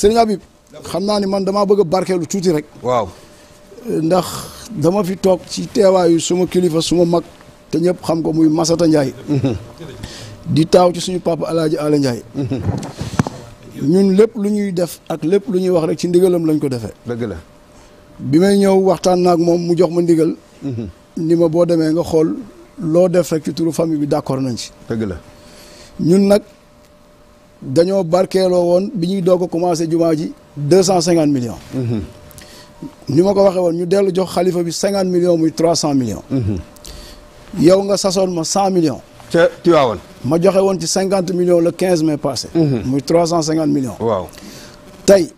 Sëriñ Habib xam naa ni man damaa bëgg a barkeelu tuuti rek. waaw ndax dama fi toog ci teewaayu suma kilifa suma mag te ñëpp xam ko muy Masata Ndiaye. di taaw ci suñu papa El Hadj Ala Ndiaye. ñun lépp lu ñuy def ak lépp lu ñuy wax rek ci ndigalam lañ ko defee. dëgg bi may ñëw waxtaan naak moom mu jox ma ndigal. Mhm. ni ma boo demee nga xool loo def rek ci turu famille bi d'accord nañ ci. dëgg ñun nag. dañoo barkeeloo woon bi ñuy doog a commencé jumaa ji deux cent cinquante millions. Mhm. ni ma ko waxee woon ñu dellu jox xalifa bi cinquante millions muy trois cent millions. Mhm. yow nga sasoon ma cent millions. ca Tiwaawan. ma joxe woon ci cinquante millions le quinze mai passé. Mhm. muy trois cent cinquante millions. waaw tey.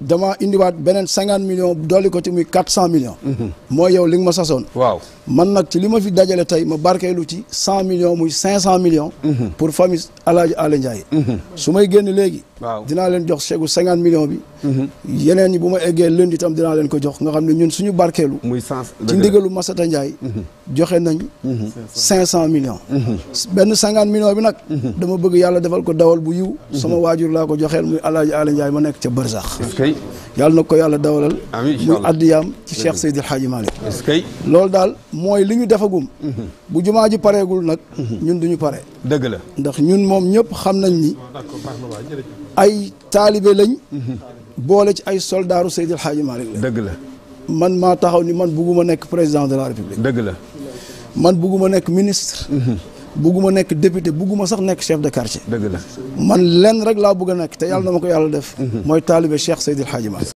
dama indiwaat beneen cinquante millions dolli ko ci muy quatre cent millions. Mhm. mooy yow li nga ma sasoon. waaw man nag ci li ma fi dajale tey ma barkeelu ci cent millions muy cinq cent millions. Mhm. pour famille El Hadj Alé Ndiaye. Mhm. su ma génn léegi waaw dinaa leen jox chèque cinquante millions bi. Mhm. yeneen ñi bu ma eggee lundi tam dinaa leen ko jox nga xam ne ñun suñu barkeelu. muy sens ci ndigalu Massata Ndiaye. Mhm. joxe nañ. million mhm. cent millions. benn cinquante millions bi nag. dama bëgg yàlla defal ko dawal bu yiw. sama waajur laa ko joxeel muy El Hadj Alé Ndiaye ma nekk ca Barzax. yàlla na ko yàlla dawalal. amiin muy addiyaam ci Cheikh Seydil Hadji Malick. loolu daal mooy li ñu defagum. bu jumaa ji pareegul nag. ñun duñu pare. dëgg la ndax ñun moom ñëpp xam nañ ni ay taalibe lañ mhm. boole ci ay soldaaru Seydi El Hadji Malick la dëgg la man maa taxaw ni man bugguma nekk président de la république dëgg la man bugguma nekk ministre mhm. bugguma nekk député bugguma sax nekk chef de quartier dëgg la man lenn rek laa bëgg a nekk te yàlla na ma ko yàlla def mhm. mooy taalibe Cheikh Seydi El Hadji